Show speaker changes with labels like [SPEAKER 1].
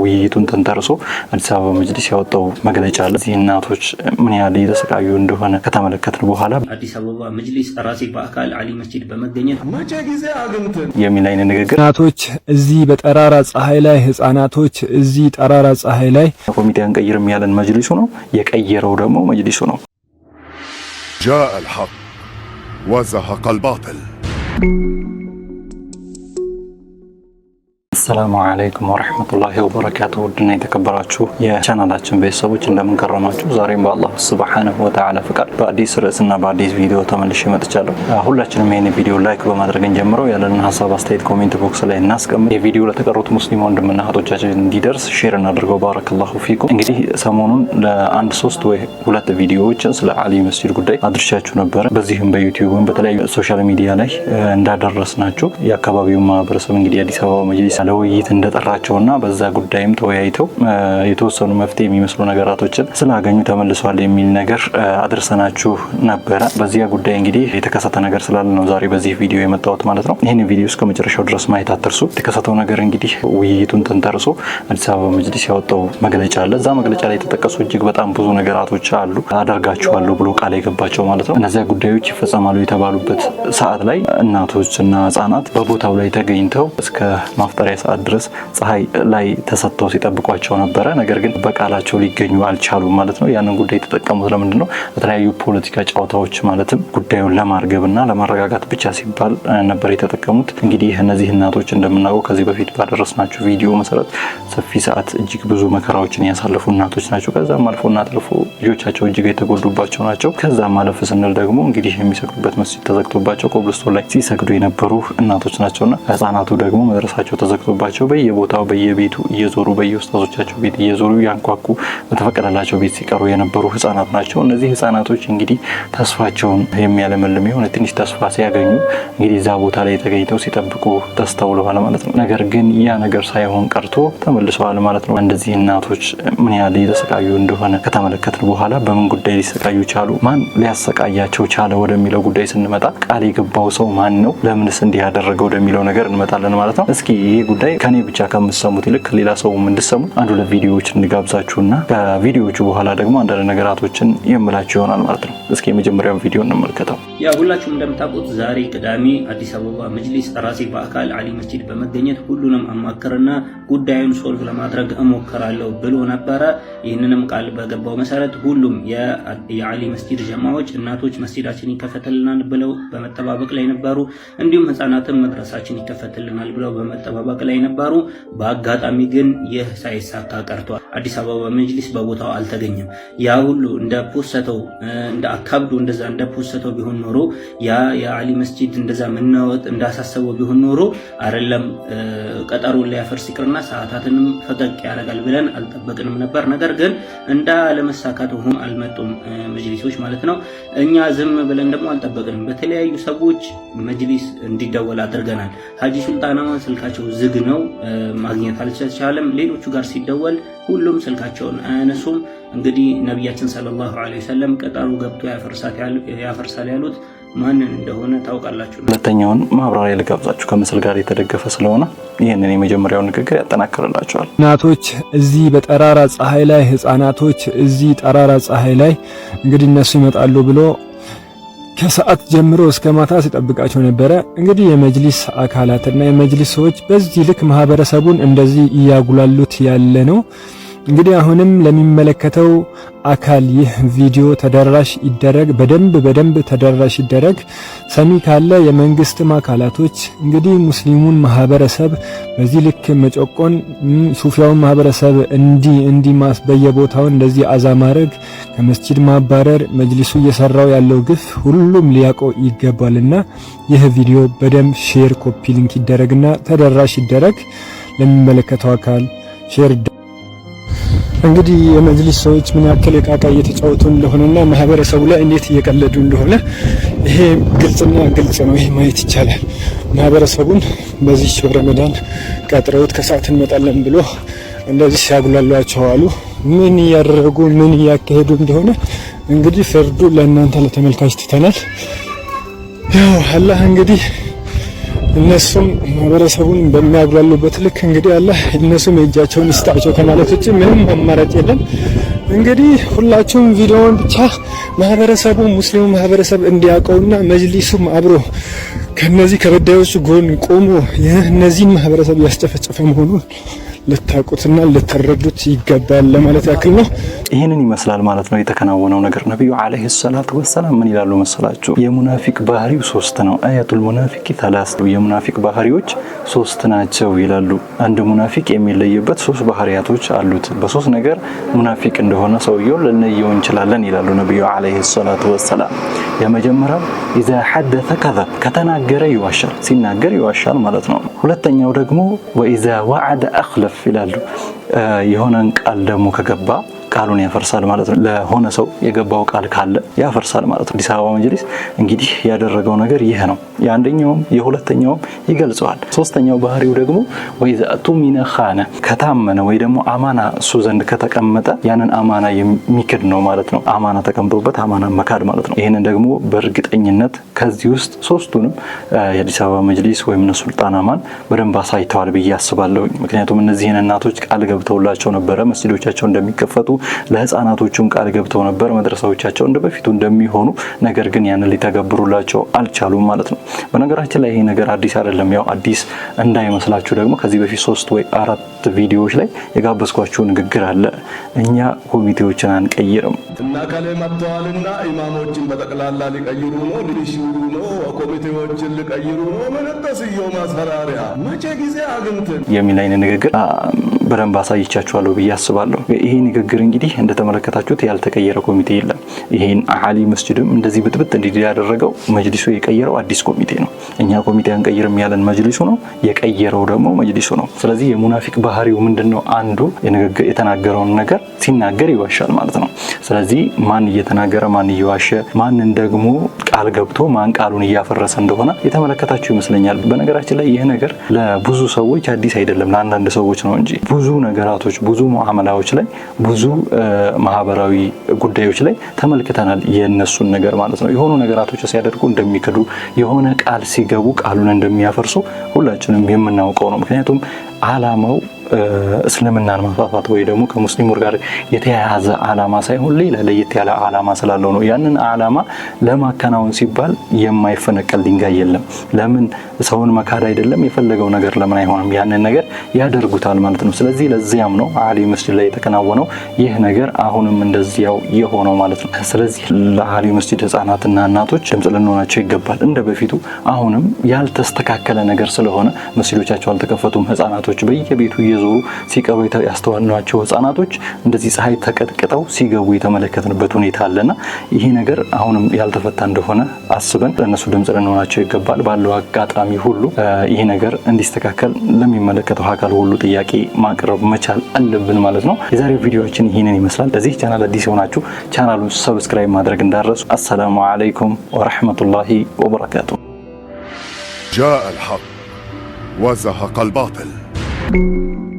[SPEAKER 1] ውይይቱን ተንተርሶ አዲስ አበባ መጅሊስ ያወጣው መግለጫ አለ። እዚህ እናቶች ምን ያህል እየተሰቃዩ እንደሆነ ከተመለከትን በኋላ
[SPEAKER 2] አዲስ አበባ መጅሊስ ራሴ በአካል አሊ መስጂድ በመገኘት
[SPEAKER 3] መቼ ጊዜ አግኝተን
[SPEAKER 1] የሚል አይነት ንግግር
[SPEAKER 4] እናቶች እዚህ በጠራራ ፀሐይ ላይ ህጻናቶች እዚህ ጠራራ ፀሐይ ላይ
[SPEAKER 1] ኮሚቴ አንቀይርም ያለን መጅሊሱ ነው። የቀየረው ደግሞ መጅሊሱ ነው።
[SPEAKER 5] ጃአ አልሐቅ ወዘሀቀ አልባጢል
[SPEAKER 1] አሰላሙ አለይኩም ወረህመቱላሂ ወበረካቱ። ውድና የተከበራችሁ የቻናላችን ቤተሰቦች እንደምንከረማችሁ፣ ዛሬም በአላሁ ስብሓነሁ ወተዓላ ፍቃድ በአዲስ ርዕስና በአዲስ ቪዲዮ ተመልሼ መጥቻለሁ። ሁላችንም ይህን ቪዲዮ ላይክ በማድረግን ጀምረው ያለንን ሀሳብ አስተያየት ኮሜንት ቦክስ ላይ እናስቀምጥ። የቪዲዮ ለተቀሩት ሙስሊም ወንድምና እህቶቻችን እንዲደርስ ሼር እናድርገው። ባረከላሁ ፊኩም። እንግዲህ ሰሞኑን ለአንድ ሶስት ወይ ሁለት ቪዲዮዎችን ስለ አሊ መስጂድ ጉዳይ አድርሻችሁ ነበረ። በዚህም ወይም በተለያዩ ሶሻል ሚዲያ ላይ እንዳደረስናችሁ የአካባቢውን ማህበረሰብ እንግዲህ አዲስ አበባ መጅሊስ ለውይይት እንደጠራቸውና በዛ ጉዳይም ተወያይተው የተወሰኑ መፍትሄ የሚመስሉ ነገራቶችን ስላገኙ ተመልሷል የሚል ነገር አድርሰናችሁ ነበረ። በዚያ ጉዳይ እንግዲህ የተከሰተ ነገር ስላለ ነው ዛሬ በዚህ ቪዲዮ የመጣሁት ማለት ነው። ይህን ቪዲዮ እስከ መጨረሻው ድረስ ማየት አትርሱ። የተከሰተው ነገር እንግዲህ ውይይቱን ተንተርሶ አዲስ አበባ መጅሊስ ያወጣው መግለጫ አለ። እዛ መግለጫ ላይ የተጠቀሱ እጅግ በጣም ብዙ ነገራቶች አሉ። አደርጋችኋለሁ ብሎ ቃል የገባቸው ማለት ነው። እነዚያ ጉዳዮች ይፈጸማሉ የተባሉበት ሰዓት ላይ እናቶችና ህጻናት በቦታው ላይ ተገኝተው እስከ ማፍጠሪያ ሰዓት ድረስ ፀሐይ ላይ ተሰጥተው ሲጠብቋቸው ነበረ። ነገር ግን በቃላቸው ሊገኙ አልቻሉም ማለት ነው። ያንን ጉዳይ የተጠቀሙት ለምንድን ነው? በተለያዩ ፖለቲካ ጨዋታዎች ማለትም ጉዳዩን ለማርገብና ለማረጋጋት ብቻ ሲባል ነበር የተጠቀሙት። እንግዲህ እነዚህ እናቶች እንደምናውቀው ከዚህ በፊት ባደረስናቸው ቪዲዮ መሰረት ሰፊ ሰዓት እጅግ ብዙ መከራዎችን ያሳለፉ እናቶች ናቸው። ከዛም እና ተርፎ ልጆቻቸው እጅግ የተጎዱባቸው ናቸው። ከዛም አለፍ ስንል ደግሞ እንግዲህ የሚሰግዱበት መስጂድ ተዘግቶባቸው ኮብልስቶን ላይ ሲሰግዱ የነበሩ እናቶች ናቸውና ህጻናቱ ደግሞ መድረሳቸው ተዘግቶ ደርሶባቸው በየቦታው በየቤቱ እየዞሩ በየውስታዞቻቸው ቤት እየዞሩ ያንኳኩ በተፈቀደላቸው ቤት ሲቀሩ የነበሩ ህጻናት ናቸው። እነዚህ ህጻናቶች እንግዲህ ተስፋቸውን የሚያለመልም የሆነ ትንሽ ተስፋ ሲያገኙ እንግዲህ እዛ ቦታ ላይ ተገኝተው ሲጠብቁ ተስተውለዋል ማለት ነው። ነገር ግን ያ ነገር ሳይሆን ቀርቶ ተመልሰዋል ማለት ነው። እንደዚህ እናቶች ምን ያህል የተሰቃዩ እንደሆነ ከተመለከትን በኋላ በምን ጉዳይ ሊሰቃዩ ቻሉ፣ ማን ሊያሰቃያቸው ቻለ ወደሚለው ጉዳይ ስንመጣ ቃል የገባው ሰው ማን ነው፣ ለምንስ እንዲህ ያደረገ ወደሚለው ነገር እንመጣለን ማለት ነው። እስኪ ይህ ጉዳይ ከኔ ብቻ ከምትሰሙት ይልቅ ሌላ ሰውም እንድሰሙ አንድ ሁለት ቪዲዮዎች እንጋብዛችሁና ከቪዲዮዎቹ በኋላ ደግሞ አንዳንድ ነገራቶችን የምላችሁ ይሆናል ማለት ነው። እስኪ የመጀመሪያውን ቪዲዮ እንመልከተው።
[SPEAKER 6] ያ ሁላችሁም እንደምታውቁት ዛሬ ቅዳሜ አዲስ አበባ መጅሊስ ራሴ በአካል አሊ መስጂድ በመገኘት ሁሉንም አማክርና ጉዳዩን ሶልቭ ለማድረግ እሞክራለሁ ብሎ ነበረ። ይህንንም ቃል በገባው መሰረት ሁሉም የአሊ መስጂድ ጀማዎች እናቶች መስጂዳችን ይከፈትልናል ብለው በመጠባበቅ ላይ ነበሩ። እንዲሁም ህጻናትም መድረሳችን ይከፈትልናል ብለው በመጠባበቅ ላይ ላይ ነበሩ። በአጋጣሚ ግን ይህ ሳይሳካ ቀርቷል። አዲስ አበባ መጅሊስ በቦታው አልተገኘም። ያ ሁሉ እንደፖሰተው እንደ አካብዶ እንደዛ እንደፖሰተው ቢሆን ኖሮ ያ የአሊ መስጂድ እንደዛ መናወጥ እንዳሳሰበው ቢሆን ኖሮ አይደለም ቀጠሮን ሊያፈርስ ይቅርና ሰዓታትንም ፈቀቅ ያደርጋል ብለን አልጠበቅንም ነበር። ነገር ግን እንደ ለመሳካት ሆኖ አልመጡም መጅሊሶች ማለት ነው። እኛ ዝም ብለን ደግሞ አልጠበቅንም። በተለያዩ ሰዎች መጅሊስ እንዲደወል አድርገናል። ሀጂ ሱልጣናማ ስልካቸው ዝግ ነው ማግኘት አልተቻለም። ሌሎቹ ጋር ሲደወል ሁሉም ስልካቸውን አያነሱም። እንግዲህ ነቢያችን ሰለላሁ ዐለይሂ ወሰለም ቅጠሉ ገብቶ ያፈርሳል ያሉት ማንን እንደሆነ ታውቃላችሁ።
[SPEAKER 1] ሁለተኛውን ማብራሪያ ልጋብዛችሁ ከምስል ጋር የተደገፈ ስለሆነ ይህንን የመጀመሪያውን ንግግር ያጠናክርላቸዋል።
[SPEAKER 4] እናቶች እዚህ በጠራራ ፀሐይ ላይ ህፃናቶች እዚህ ጠራራ ፀሐይ ላይ እንግዲህ እነሱ ይመጣሉ ብሎ ከሰዓት ጀምሮ እስከ ማታ ሲጠብቃቸው ነበረ። እንግዲህ የመጅሊስ አካላትና የመጅሊስ ሰዎች በዚህ ልክ ማህበረሰቡን እንደዚህ እያጉላሉት ያለ ነው። እንግዲህ አሁንም ለሚመለከተው አካል ይህ ቪዲዮ ተደራሽ ይደረግ፣ በደንብ በደንብ ተደራሽ ይደረግ። ሰሚ ካለ የመንግስትም አካላቶች እንግዲህ ሙስሊሙን ማህበረሰብ በዚህ ልክ መጨቆን፣ ሱፊያውን ማህበረሰብ እንዲ እንዲ በየቦታው እንደዚህ አዛ ማድረግ፣ ከመስጂድ ማባረር፣ መጅሊሱ እየሰራው ያለው ግፍ ሁሉም ሊያቆ ይገባልና ይህ ቪዲዮ በደንብ ሼር፣ ኮፒ ሊንክ ይደረግና ተደራሽ ይደረግ ለሚመለከተው አካል ሼር እንግዲህ የመጅሊስ ሰዎች ምን ያክል እቃቃ እየተጫወቱ እንደሆነና ማህበረሰቡ ላይ እንዴት እየቀለዱ እንደሆነ ይሄ ግልጽና ግልጽ ነው። ይሄ ማየት ይቻላል። ማህበረሰቡን በዚህ በረመዳን ቀጥረውት ከሰዓት እንመጣለን ብሎ እንደዚህ ሲያጉላሏቸው አሉ። ምን እያደረጉ ምን እያካሄዱ እንደሆነ እንግዲህ ፍርዱ ለእናንተ ለተመልካች ትተናል። ያው አላህ እንግዲህ እነሱም ማህበረሰቡን በሚያጉላሉበት ልክ እንግዲህ አለ እነሱም የእጃቸውን ይስጣቸው ከማለት ውጭ ምንም አማራጭ የለም። እንግዲህ ሁላችሁም ቪዲዮውን ብቻ ማህበረሰቡ ሙስሊሙ ማህበረሰብ እንዲያውቀውና መጅሊሱም አብሮ ከነዚህ ከበዳዮች ጎን ቆሞ የእነዚህን ማህበረሰብ ያስጨፈጨፈ መሆኑን ልታውቁትና ልትረዱት ይገባል ለማለት ያክል ነው።
[SPEAKER 1] ይህንን ይመስላል ማለት ነው የተከናወነው ነገር። ነቢዩ ዓለይሂ ሰላቱ ወሰላም ምን ይላሉ መሰላችሁ? የሙናፊቅ ባህሪው ሶስት ነው። አያቱል ሙናፊቂ ተላስ፣ የሙናፊቅ ባህሪዎች ሶስት ናቸው ይላሉ። አንድ ሙናፊቅ የሚለይበት ሶስት ባህሪያቶች አሉት። በሶስት ነገር ሙናፊቅ እንደሆነ ሰውየው ልንለየው እንችላለን ይላሉ ነቢዩ ዓለይሂ ሰላቱ ወሰላም። የመጀመሪያው ኢዛ ሐደተ ከዘብ፣ ከተናገረ ይዋሻል፣ ሲናገር ይዋሻል ማለት ነው። ሁለተኛው ደግሞ ወኢዛ ዋዓደ አኽለፍ ከፍ ይላሉ። የሆነን ቃል ደግሞ ከገባ ቃሉን ያፈርሳል ማለት ነው። ለሆነ ሰው የገባው ቃል ካለ ያፈርሳል ማለት ነው። አዲስ አበባ መጅሊስ እንግዲህ ያደረገው ነገር ይህ ነው። የአንደኛውም የሁለተኛውም ይገልጸዋል። ሶስተኛው ባህሪው ደግሞ ወይ ዘአቱ ሚነ ከታመነ ወይ ደግሞ አማና እሱ ዘንድ ከተቀመጠ ያንን አማና የሚክድ ነው ማለት ነው። አማና ተቀምጦበት አማና መካድ ማለት ነው። ይህንን ደግሞ በእርግጠኝነት ከዚህ ውስጥ ሶስቱንም የአዲስ አበባ መጅሊስ ወይም ሱልጣን አማን በደንብ አሳይተዋል ብዬ አስባለሁ። ምክንያቱም እነዚህን እናቶች ቃል ገብተውላቸው ነበረ መስጂዶቻቸው እንደሚከፈቱ ለህፃናቶቹም ቃል ገብተው ነበር መድረሳዎቻቸው እንደ በፊቱ እንደሚሆኑ፣ ነገር ግን ያንን ሊተገብሩላቸው አልቻሉም ማለት ነው። በነገራችን ላይ ይሄ ነገር አዲስ አይደለም። ያው አዲስ እንዳይመስላችሁ ደግሞ ከዚህ በፊት ሶስት ወይ አራት ቪዲዮዎች ላይ የጋበዝኳችሁ ንግግር አለ። እኛ ኮሚቴዎችን አንቀይርም እና ከላይ መጥተዋልና ኢማሞችን በጠቅላላ ሊቀይሩ ነው፣ ሊሽሩ ነው፣ ኮሚቴዎችን ሊቀይሩ ነው። ምንጠስየው ማስፈራሪያ መቼ ጊዜ አግኝትን የሚል አይነት ንግግር በደንብ አሳይቻችኋለሁ ብዬ አስባለሁ። ይሄ ንግግር እንግዲህ እንደተመለከታችሁት ያልተቀየረ ኮሚቴ የለም። ይሄን አሊ መስጅድም እንደዚህ ብጥብጥ እንዲል ያደረገው መጅሊሱ የቀየረው አዲስ ኮሚቴ ነው። እኛ ኮሚቴ አንቀይርም ያለን መጅሊሱ ነው፣ የቀየረው ደግሞ መጅሊሱ ነው። ስለዚህ የሙናፊቅ ባህሪው ምንድን ነው? አንዱ የተናገረውን ነገር ሲናገር ይዋሻል ማለት ነው። ስለዚህ ማን እየተናገረ ማን እየዋሸ ማንን ደግሞ ቃል ገብቶ ማን ቃሉን እያፈረሰ እንደሆነ የተመለከታችሁ ይመስለኛል። በነገራችን ላይ ይህ ነገር ለብዙ ሰዎች አዲስ አይደለም፣ ለአንዳንድ ሰዎች ነው እንጂ ብዙ ነገራቶች፣ ብዙ ሙዓመላዎች ላይ ብዙ ማህበራዊ ጉዳዮች ላይ ተመልክተናል። የነሱን ነገር ማለት ነው። የሆኑ ነገራቶች ሲያደርጉ እንደሚክዱ፣ የሆነ ቃል ሲገቡ ቃሉን እንደሚያፈርሱ ሁላችንም የምናውቀው ነው። ምክንያቱም አላማው እስልምናን ማፋፋት ወይ ደግሞ ከሙስሊሙ ጋር የተያያዘ ዓላማ ሳይሆን ሌላ ለየት ያለ ዓላማ ስላለው ነው። ያንን አላማ ለማከናወን ሲባል የማይፈነቀል ድንጋይ የለም። ለምን ሰውን መካድ አይደለም? የፈለገው ነገር ለምን አይሆንም? ያንን ነገር ያደርጉታል ማለት ነው። ስለዚህ ለዚያም ነው አሊ መስጅድ ላይ የተከናወነው ይህ ነገር አሁንም እንደዚያው የሆነው ማለት ነው። ስለዚህ ለአሊ መስጅድ ህጻናትና እናቶች ድምጽ ልንሆናቸው ይገባል። እንደ በፊቱ አሁንም ያልተስተካከለ ነገር ስለሆነ መስጅዶቻቸው አልተከፈቱም። ህጻናቶች በየቤቱ እየዞሩ ሲቀሩ ያስተዋልናቸው ህጻናቶች እንደዚህ ፀሐይ ተቀጥቅጠው ሲገቡ የተመለከትንበት ሁኔታ አለና ይሄ ነገር አሁንም ያልተፈታ እንደሆነ አስበን ለእነሱ ድምፅ ልንሆናቸው ይገባል። ባለው አጋጣሚ ሁሉ ይሄ ነገር እንዲስተካከል ለሚመለከተው አካል ሁሉ ጥያቄ ማቅረብ መቻል አለብን ማለት ነው። የዛሬው ቪዲዮችን ይህንን ይመስላል። ለዚህ ቻናል አዲስ የሆናችሁ ቻናሉን ሰብስክራይብ ማድረግ እንዳረሱ። አሰላሙ አለይኩም ወረህመቱላሂ ወበረካቱ። جاء الحق وزهق الباطل